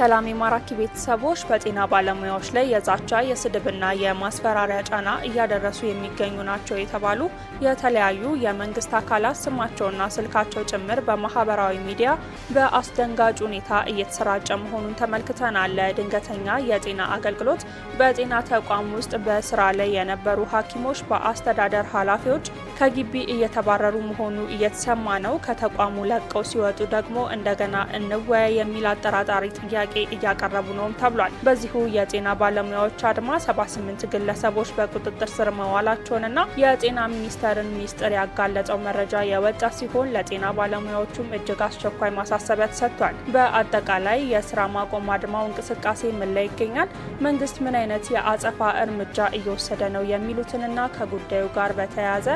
ሰላም የማራኪ ቤተሰቦች በጤና ባለሙያዎች ላይ የዛቻ የስድብና የማስፈራሪያ ጫና እያደረሱ የሚገኙ ናቸው የተባሉ የተለያዩ የመንግስት አካላት ስማቸውና ስልካቸው ጭምር በማህበራዊ ሚዲያ በአስደንጋጭ ሁኔታ እየተሰራጨ መሆኑን ተመልክተናል። ለድንገተኛ የጤና አገልግሎት በጤና ተቋም ውስጥ በስራ ላይ የነበሩ ሐኪሞች በአስተዳደር ኃላፊዎች ከግቢ እየተባረሩ መሆኑ እየተሰማ ነው። ከተቋሙ ለቀው ሲወጡ ደግሞ እንደገና እንወያይ የሚል አጠራጣሪ ጥያቄ እያቀረቡ ነውም ተብሏል። በዚሁ የጤና ባለሙያዎች አድማ 78 ግለሰቦች በቁጥጥር ስር መዋላቸውንና የጤና ሚኒስቴርን ሚስጥር ያጋለጠው መረጃ የወጣ ሲሆን ለጤና ባለሙያዎቹም እጅግ አስቸኳይ ማሳሰቢያ ተሰጥቷል። በአጠቃላይ የስራ ማቆም አድማው እንቅስቃሴ ምን ላይ ይገኛል? መንግስት ምን አይነት የአጸፋ እርምጃ እየወሰደ ነው? የሚሉትንና ከጉዳዩ ጋር በተያያዘ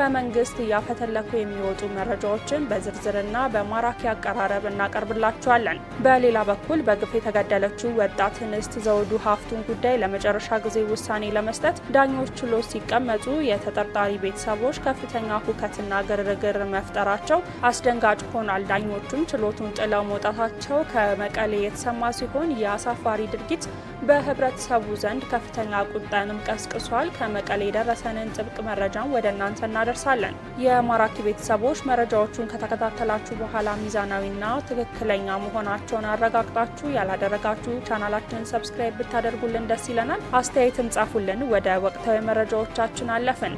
ከመንግስት እያፈተለኩ የሚወጡ መረጃዎችን በዝርዝርና በማራኪ አቀራረብ እናቀርብላችኋለን። በሌላ በኩል በግፍ የተገደለችው ወጣት እንስት ዘውዱ ሀፍቱን ጉዳይ ለመጨረሻ ጊዜ ውሳኔ ለመስጠት ዳኞች ችሎት ሲቀመጡ የተጠርጣሪ ቤተሰቦች ከፍተኛ ሁከትና ግርግር መፍጠራቸው አስደንጋጭ ሆኗል። ዳኞቹም ችሎቱን ጥለው መውጣታቸው ከመቀሌ የተሰማ ሲሆን የአሳፋሪ ድርጊት በህብረተሰቡ ዘንድ ከፍተኛ ቁጣንም ቀስቅሷል። ከመቀሌ የደረሰንን ጥብቅ መረጃን ወደ እናንተ እናደርሳለን። የማራኪ ቤተሰቦች መረጃዎቹን ከተከታተላችሁ በኋላ ሚዛናዊና ትክክለኛ መሆናቸውን አረጋግጣችሁ ያላደረጋችሁ ቻናላችንን ሰብስክራይብ ብታደርጉልን ደስ ይለናል። አስተያየትም ጻፉልን። ወደ ወቅታዊ መረጃዎቻችን አለፍን።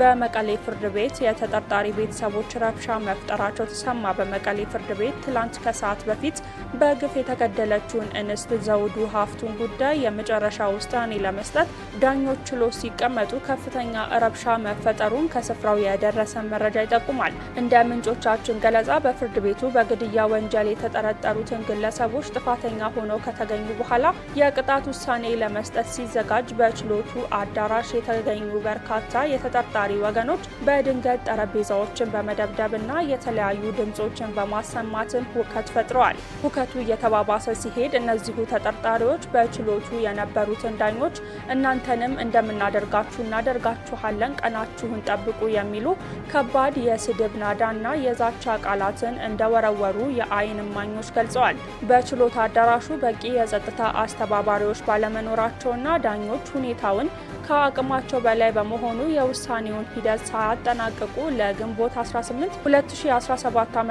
በመቀሌ ፍርድ ቤት የተጠርጣሪ ቤተሰቦች ረብሻ መፍጠራቸው ተሰማ። በመቀሌ ፍርድ ቤት ትላንት ከሰዓት በፊት በግፍ የተገደለችውን እንስት ዘውዱ ሀፍቱን ጉዳይ የመጨረሻ ውሳኔ ለመስጠት ዳኞች ችሎት ሲቀመጡ ከፍተኛ ረብሻ መፈጠሩን ከስፍራው የደረሰ መረጃ ይጠቁማል። እንደ ምንጮቻችን ገለጻ በፍርድ ቤቱ በግድያ ወንጀል የተጠረጠሩትን ግለሰቦች ጥፋተኛ ሆነው ከተገኙ በኋላ የቅጣት ውሳኔ ለመስጠት ሲዘጋጅ በችሎቱ አዳራሽ የተገኙ በርካታ የተጠርጣ አሸባሪ ወገኖች በድንገት ጠረጴዛዎችን በመደብደብና የተለያዩ ድምፆችን በማሰማትም ሁከት ፈጥረዋል። ሁከቱ እየተባባሰ ሲሄድ እነዚሁ ተጠርጣሪዎች በችሎቱ የነበሩትን ዳኞች እናንተንም እንደምናደርጋችሁ እናደርጋችኋለን፣ ቀናችሁን ጠብቁ የሚሉ ከባድ የስድብ ናዳና የዛቻ ቃላትን እንደወረወሩ የዓይን እማኞች ገልጸዋል። በችሎት አዳራሹ በቂ የጸጥታ አስተባባሪዎች ባለመኖራቸውና ዳኞች ሁኔታውን ከአቅማቸው በላይ በመሆኑ የውሳኔ የቀሪውን ሂደት ሳያጠናቅቁ ለግንቦት 18 2017 ዓ ም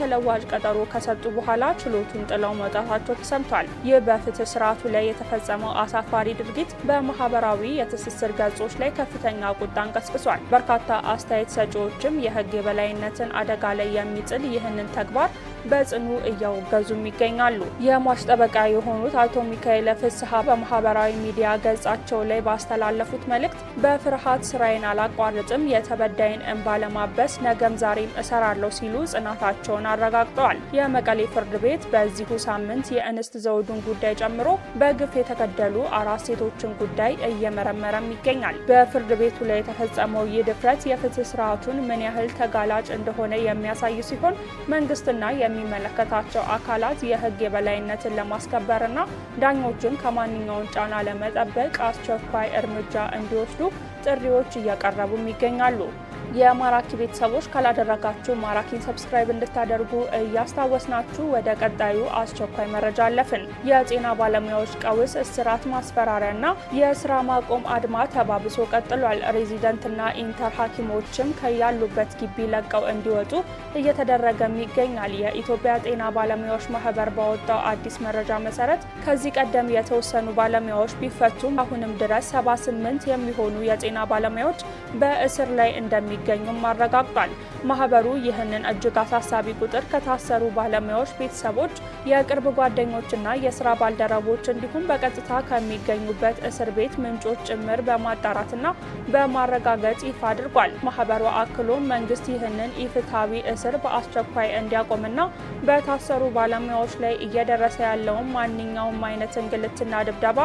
ተለዋጭ ቀጠሮ ከሰጡ በኋላ ችሎቱን ጥለው መውጣታቸው ተሰምቷል። ይህ በፍትህ ስርዓቱ ላይ የተፈጸመው አሳፋሪ ድርጊት በማህበራዊ የትስስር ገጾች ላይ ከፍተኛ ቁጣን ቀስቅሷል። በርካታ አስተያየት ሰጪዎችም የህግ የበላይነትን አደጋ ላይ የሚጥል ይህንን ተግባር በጽኑ እያወገዙም ይገኛሉ። የሟች ጠበቃ የሆኑት አቶ ሚካኤለ ፍስሀ በማህበራዊ ሚዲያ ገጻቸው ላይ ባስተላለፉት መልእክት በፍርሃት ስራዬን አላቋርጥም፣ የተበዳይን እንባ ለማበስ ነገም ዛሬም እሰራለሁ ሲሉ ጽናታቸውን አረጋግጠዋል። የመቀሌ ፍርድ ቤት በዚሁ ሳምንት የእንስት ዘውዱን ጉዳይ ጨምሮ በግፍ የተገደሉ አራት ሴቶችን ጉዳይ እየመረመረም ይገኛል። በፍርድ ቤቱ ላይ የተፈጸመው ይህ ድፍረት የፍትህ ስርዓቱን ምን ያህል ተጋላጭ እንደሆነ የሚያሳይ ሲሆን መንግስትና ለሚመለከታቸው አካላት የህግ የበላይነትን ለማስከበርና ዳኞችን ከማንኛውም ጫና ለመጠበቅ አስቸኳይ እርምጃ እንዲወስዱ ጥሪዎች እያቀረቡም ይገኛሉ። የማራኪ ቤተሰቦች ካላደረጋችሁ ማራኪን ሰብስክራይብ እንድታደርጉ እያስታወስናችሁ ወደ ቀጣዩ አስቸኳይ መረጃ አለፍን። የጤና ባለሙያዎች ቀውስ፣ እስራት፣ ማስፈራሪያና የስራ ማቆም አድማ ተባብሶ ቀጥሏል። ሬዚደንትና ኢንተር ሐኪሞችም ከያሉበት ግቢ ለቀው እንዲወጡ እየተደረገም ይገኛል። የኢትዮጵያ ጤና ባለሙያዎች ማህበር ባወጣው አዲስ መረጃ መሰረት ከዚህ ቀደም የተወሰኑ ባለሙያዎች ቢፈቱም አሁንም ድረስ 78 የሚሆኑ የጤና ባለሙያዎች በእስር ላይ እንደሚ እንደሚገኙም አረጋግጧል። ማህበሩ ይህንን እጅግ አሳሳቢ ቁጥር ከታሰሩ ባለሙያዎች ቤተሰቦች፣ የቅርብ ጓደኞችና የስራ ባልደረቦች እንዲሁም በቀጥታ ከሚገኙበት እስር ቤት ምንጮች ጭምር በማጣራትና በማረጋገጥ ይፋ አድርጓል። ማህበሩ አክሎ መንግስት ይህንን ኢፍትሐዊ እስር በአስቸኳይ እንዲያቆምና በታሰሩ ባለሙያዎች ላይ እየደረሰ ያለውን ማንኛውም አይነት እንግልትና ድብደባ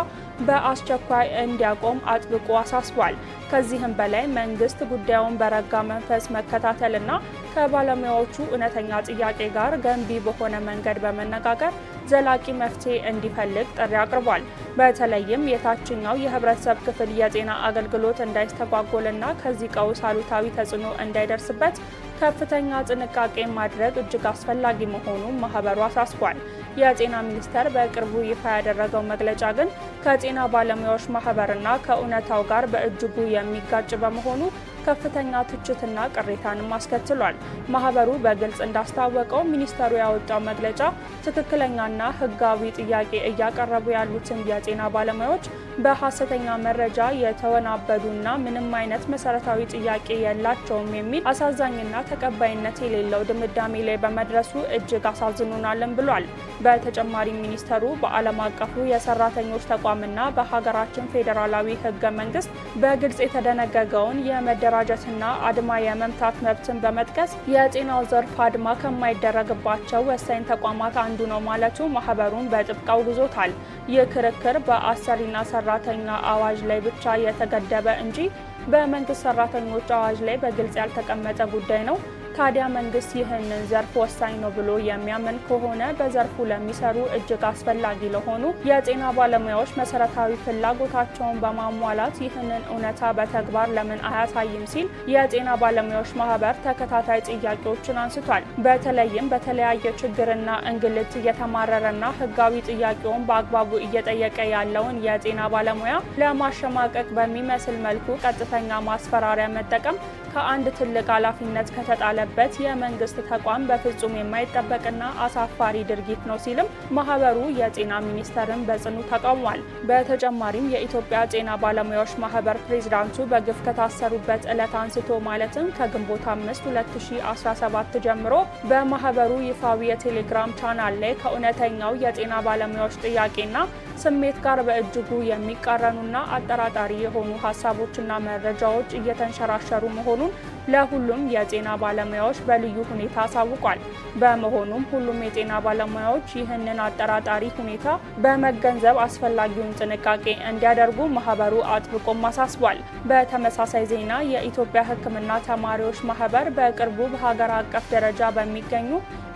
በአስቸኳይ እንዲያቆም አጥብቆ አሳስቧል። ከዚህም በላይ መንግስት ጉዳዩን በረጋ መንፈስ መከታተልና ከባለሙያዎቹ እውነተኛ ጥያቄ ጋር ገንቢ በሆነ መንገድ በመነጋገር ዘላቂ መፍትሄ እንዲፈልግ ጥሪ አቅርቧል። በተለይም የታችኛው የህብረተሰብ ክፍል የጤና አገልግሎት እንዳይስተጓጎልና ከዚህ ቀውስ አሉታዊ ተጽዕኖ እንዳይደርስበት ከፍተኛ ጥንቃቄ ማድረግ እጅግ አስፈላጊ መሆኑን ማህበሩ አሳስቧል። የጤና ሚኒስቴር በቅርቡ ይፋ ያደረገው መግለጫ ግን ከጤና ባለሙያዎች ማህበርና ከእውነታው ጋር በእጅጉ የሚጋጭ በመሆኑ ከፍተኛ ትችትና ቅሬታንም አስከትሏል። ማህበሩ በግልጽ እንዳስታወቀው ሚኒስቴሩ ያወጣው መግለጫ ትክክለኛና ሕጋዊ ጥያቄ እያቀረቡ ያሉትን የጤና ባለሙያዎች በሐሰተኛ መረጃ የተወናበዱና ምንም አይነት መሰረታዊ ጥያቄ የላቸውም የሚል አሳዛኝና ተቀባይነት የሌለው ድምዳሜ ላይ በመድረሱ እጅግ አሳዝኑናለን ብሏል። በተጨማሪ ሚኒስተሩ በዓለም አቀፉ የሰራተኞች ተቋምና በሀገራችን ፌዴራላዊ ሕገ መንግስት በግልጽ የተደነገገውን የመደራጀትና አድማ የመምታት መብትን በመጥቀስ የጤናው ዘርፍ አድማ ከማይደረግባቸው ወሳኝ ተቋማት አንዱ ነው ማለቱ ማህበሩን በጥብቅ አውግዞታል። ይህ ክርክር በአሰሪና ሰራ ሰራተኛ አዋጅ ላይ ብቻ የተገደበ እንጂ በመንግስት ሰራተኞች አዋጅ ላይ በግልጽ ያልተቀመጠ ጉዳይ ነው። ታዲያ መንግስት ይህንን ዘርፍ ወሳኝ ነው ብሎ የሚያምን ከሆነ በዘርፉ ለሚሰሩ እጅግ አስፈላጊ ለሆኑ የጤና ባለሙያዎች መሰረታዊ ፍላጎታቸውን በማሟላት ይህንን እውነታ በተግባር ለምን አያሳይም ሲል የጤና ባለሙያዎች ማህበር ተከታታይ ጥያቄዎችን አንስቷል። በተለይም በተለያየ ችግርና እንግልት እየተማረረና ህጋዊ ጥያቄውን በአግባቡ እየጠየቀ ያለውን የጤና ባለሙያ ለማሸማቀቅ በሚመስል መልኩ ቀጥተኛ ማስፈራሪያ መጠቀም ከአንድ ትልቅ ኃላፊነት ከተጣለበት የመንግስት ተቋም በፍጹም የማይጠበቅና አሳፋሪ ድርጊት ነው ሲልም ማህበሩ የጤና ሚኒስቴርን በጽኑ ተቃውሟል። በተጨማሪም የኢትዮጵያ ጤና ባለሙያዎች ማህበር ፕሬዚዳንቱ በግፍ ከታሰሩበት ዕለት አንስቶ ማለትም ከግንቦት 5 2017 ጀምሮ በማህበሩ ይፋዊ የቴሌግራም ቻናል ላይ ከእውነተኛው የጤና ባለሙያዎች ጥያቄና ስሜት ጋር በእጅጉ የሚቃረኑና አጠራጣሪ የሆኑ ሀሳቦችና መረጃዎች እየተንሸራሸሩ መሆኑ 여러분 ለሁሉም የጤና ባለሙያዎች በልዩ ሁኔታ አሳውቋል። በመሆኑም ሁሉም የጤና ባለሙያዎች ይህንን አጠራጣሪ ሁኔታ በመገንዘብ አስፈላጊውን ጥንቃቄ እንዲያደርጉ ማህበሩ አጥብቆም አሳስቧል። በተመሳሳይ ዜና የኢትዮጵያ ሕክምና ተማሪዎች ማህበር በቅርቡ በሀገር አቀፍ ደረጃ በሚገኙ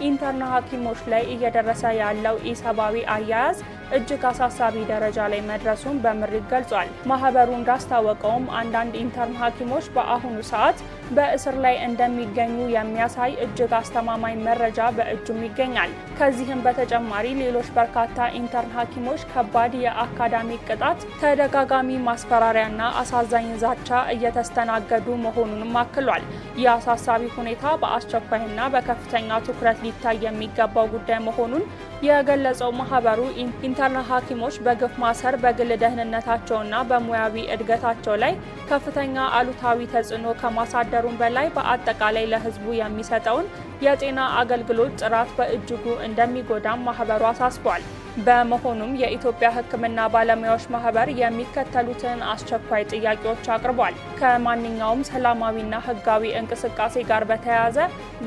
ኢንተርና ሐኪሞች ላይ እየደረሰ ያለው ኢሰብአዊ አያያዝ እጅግ አሳሳቢ ደረጃ ላይ መድረሱን በምሬት ገልጿል። ማህበሩ እንዳስታወቀውም አንዳንድ ኢንተርን ሐኪሞች በአሁኑ ሰዓት በእስር ላይ እንደሚገኙ የሚያሳይ እጅግ አስተማማኝ መረጃ በእጁም ይገኛል። ከዚህም በተጨማሪ ሌሎች በርካታ ኢንተርን ሐኪሞች ከባድ የአካዳሚ ቅጣት፣ ተደጋጋሚ ማስፈራሪያና አሳዛኝ ዛቻ እየተስተናገዱ መሆኑንም አክሏል። ይህ አሳሳቢ ሁኔታ በአስቸኳይና በከፍተኛ ትኩረት ሊታይ የሚገባው ጉዳይ መሆኑን የገለጸው ማህበሩ ኢንተርና ሐኪሞች በግፍ ማሰር በግል ደህንነታቸውና በሙያዊ እድገታቸው ላይ ከፍተኛ አሉታዊ ተጽዕኖ ከማሳደሩም በላይ በአጠቃላይ ለህዝቡ የሚሰጠውን የጤና አገልግሎት ጥራት በእጅጉ እንደሚጎዳም ማህበሩ አሳስቧል። በመሆኑም የኢትዮጵያ ሕክምና ባለሙያዎች ማህበር የሚከተሉትን አስቸኳይ ጥያቄዎች አቅርቧል። ከማንኛውም ሰላማዊና ሕጋዊ እንቅስቃሴ ጋር በተያያዘ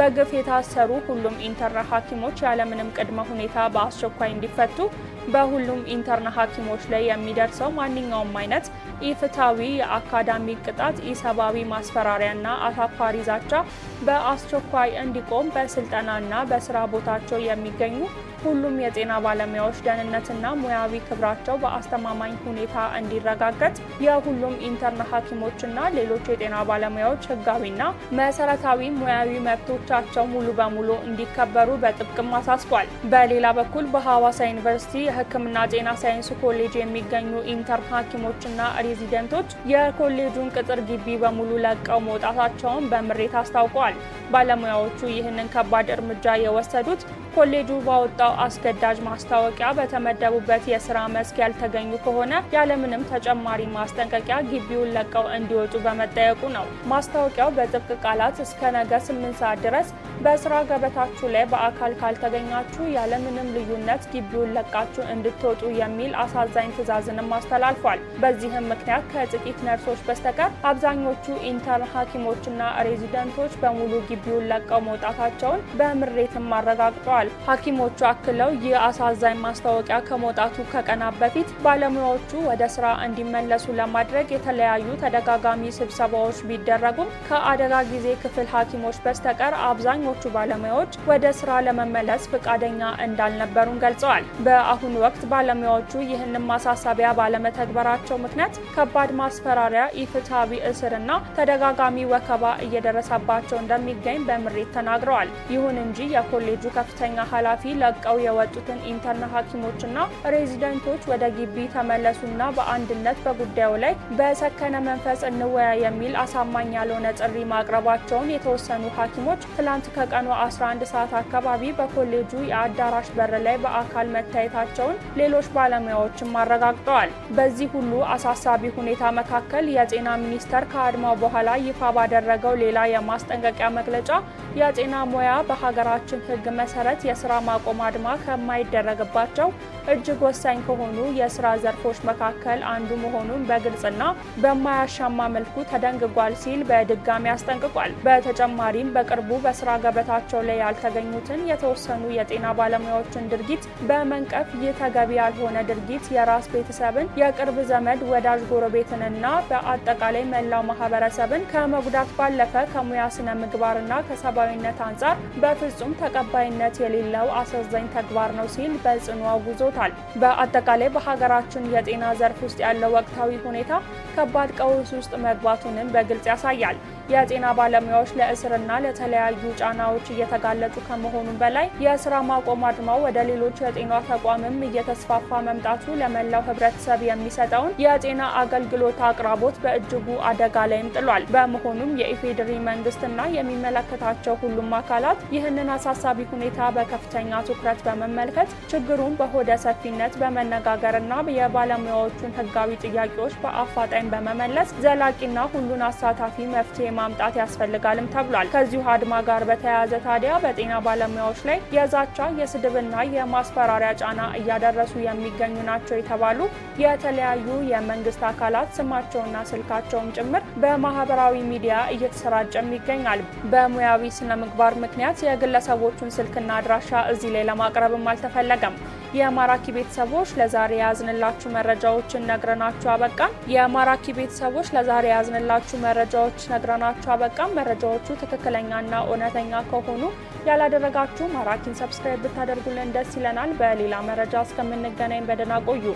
በግፍ የታሰሩ ሁሉም ኢንተርና ሐኪሞች ያለምንም ቅድመ ሁኔታ በአስቸኳይ እንዲፈቱ፣ በሁሉም ኢንተርና ሐኪሞች ላይ የሚደርሰው ማንኛውም አይነት ኢፍታዊ የአካዳሚ ቅጣት፣ ኢሰብአዊ ማስፈራሪያና አሳፋሪ ዛቻ በአስቸኳይ እንዲቆም፣ በስልጠናና በስራ ቦታቸው የሚገኙ ሁሉም የጤና ባለሙያዎች ደህንነትና ሙያዊ ክብራቸው በአስተማማኝ ሁኔታ እንዲረጋገጥ የሁሉም ኢንተርን ሐኪሞችና ሌሎች የጤና ባለሙያዎች ህጋዊና መሰረታዊ ሙያዊ መብቶቻቸው ሙሉ በሙሉ እንዲከበሩ በጥብቅም አሳስቧል። በሌላ በኩል በሐዋሳ ዩኒቨርሲቲ የሕክምና ጤና ሳይንስ ኮሌጅ የሚገኙ ኢንተርን ሐኪሞችና ሬዚደንቶች የኮሌጁን ቅጥር ግቢ በሙሉ ለቀው መውጣታቸውን በምሬት አስታውቋል። ባለሙያዎቹ ይህንን ከባድ እርምጃ የወሰዱት ኮሌጁ ባወጣው አስገዳጅ ማስታወቂያ በተመደቡበት የስራ መስክ ያልተገኙ ከሆነ ያለምንም ተጨማሪ ማስጠንቀቂያ ግቢውን ለቀው እንዲወጡ በመጠየቁ ነው። ማስታወቂያው በጥብቅ ቃላት እስከ ነገ ስምንት ሰዓት ድረስ በስራ ገበታችሁ ላይ በአካል ካልተገኛችሁ ያለምንም ልዩነት ግቢውን ለቃችሁ እንድትወጡ የሚል አሳዛኝ ትዕዛዝንም አስተላልፏል። በዚህም ምክንያት ከጥቂት ነርሶች በስተቀር አብዛኞቹ ኢንተርን ሐኪሞችና ሬዚደንቶች በሙሉ ግቢውን ለቀው መውጣታቸውን በምሬትም አረጋግጠዋል። ሐኪሞቹ አክለው ይህ አሳዛኝ ማስታወቂያ ከመውጣቱ ከቀናት በፊት ባለሙያዎቹ ወደ ስራ እንዲመለሱ ለማድረግ የተለያዩ ተደጋጋሚ ስብሰባዎች ቢደረጉም ከአደጋ ጊዜ ክፍል ሐኪሞች በስተቀር አብዛኞ አብዛኞቹ ባለሙያዎች ወደ ስራ ለመመለስ ፈቃደኛ እንዳልነበሩን ገልጸዋል። በአሁኑ ወቅት ባለሙያዎቹ ይህንን ማሳሰቢያ ባለመተግበራቸው ምክንያት ከባድ ማስፈራሪያ፣ ኢፍትሐዊ እስርና ተደጋጋሚ ወከባ እየደረሰባቸው እንደሚገኝ በምሬት ተናግረዋል። ይሁን እንጂ የኮሌጁ ከፍተኛ ኃላፊ ለቀው የወጡትን ኢንተርና ሐኪሞችና ሬዚደንቶች ወደ ግቢ ተመለሱና በአንድነት በጉዳዩ ላይ በሰከነ መንፈስ እንወያ የሚል አሳማኝ ያልሆነ ጥሪ ማቅረባቸውን የተወሰኑ ሐኪሞች ትላንት ከቀኑ 11 ሰዓት አካባቢ በኮሌጁ የአዳራሽ በር ላይ በአካል መታየታቸውን ሌሎች ባለሙያዎችም አረጋግጠዋል። በዚህ ሁሉ አሳሳቢ ሁኔታ መካከል የጤና ሚኒስቴር ከአድማው በኋላ ይፋ ባደረገው ሌላ የማስጠንቀቂያ መግለጫ የጤና ሙያ በሀገራችን ሕግ መሰረት የስራ ማቆም አድማ ከማይደረግባቸው እጅግ ወሳኝ ከሆኑ የስራ ዘርፎች መካከል አንዱ መሆኑን በግልጽና በማያሻማ መልኩ ተደንግጓል ሲል በድጋሚ አስጠንቅቋል። በተጨማሪም በቅርቡ በስራ ገበታቸው ላይ ያልተገኙትን የተወሰኑ የጤና ባለሙያዎችን ድርጊት በመንቀፍ ይህ ተገቢ ያልሆነ ድርጊት የራስ ቤተሰብን፣ የቅርብ ዘመድ፣ ወዳጅ ጎረቤትንና በአጠቃላይ መላው ማህበረሰብን ከመጉዳት ባለፈ ከሙያ ስነ ምግባርና ከሰብአዊነት አንጻር በፍጹም ተቀባይነት የሌለው አሳዛኝ ተግባር ነው ሲል በጽኑ አውግዞ አስፍቶታል። በአጠቃላይ በሀገራችን የጤና ዘርፍ ውስጥ ያለው ወቅታዊ ሁኔታ ከባድ ቀውስ ውስጥ መግባቱንም በግልጽ ያሳያል። የጤና ባለሙያዎች ለእስርና ለተለያዩ ጫናዎች እየተጋለጡ ከመሆኑም በላይ የስራ ማቆም አድማው ወደ ሌሎች የጤና ተቋምም እየተስፋፋ መምጣቱ ለመላው ህብረተሰብ የሚሰጠውን የጤና አገልግሎት አቅራቦት በእጅጉ አደጋ ላይም ጥሏል። በመሆኑም የኢፌዴሪ መንግስትና የሚመለከታቸው ሁሉም አካላት ይህንን አሳሳቢ ሁኔታ በከፍተኛ ትኩረት በመመልከት ችግሩን በሆደ በሰፊነት በመነጋገርና የባለሙያዎቹን ሕጋዊ ጥያቄዎች በአፋጣኝ በመመለስ ዘላቂና ሁሉን አሳታፊ መፍትሄ ማምጣት ያስፈልጋልም ተብሏል። ከዚሁ አድማ ጋር በተያያዘ ታዲያ በጤና ባለሙያዎች ላይ የዛቻ የስድብና የማስፈራሪያ ጫና እያደረሱ የሚገኙ ናቸው የተባሉ የተለያዩ የመንግስት አካላት ስማቸውና ስልካቸውም ጭምር በማህበራዊ ሚዲያ እየተሰራጨም ይገኛል። በሙያዊ ስነ ምግባር ምክንያት የግለሰቦቹን ስልክና አድራሻ እዚህ ላይ ለማቅረብም አልተፈለገም። የማራኪ ቤተሰቦች ለዛሬ ያዝንላችሁ መረጃዎችን ነግረናችሁ አበቃን። የማራኪ ቤተሰቦች ለዛሬ ያዝንላችሁ መረጃዎች ነግረናችሁ አበቃን። መረጃዎቹ ትክክለኛና እውነተኛ ከሆኑ ያላደረጋችሁ ማራኪን ሰብስክራይብ ብታደርጉልን ደስ ይለናል። በሌላ መረጃ እስከምንገናኝ በደህና ቆዩ።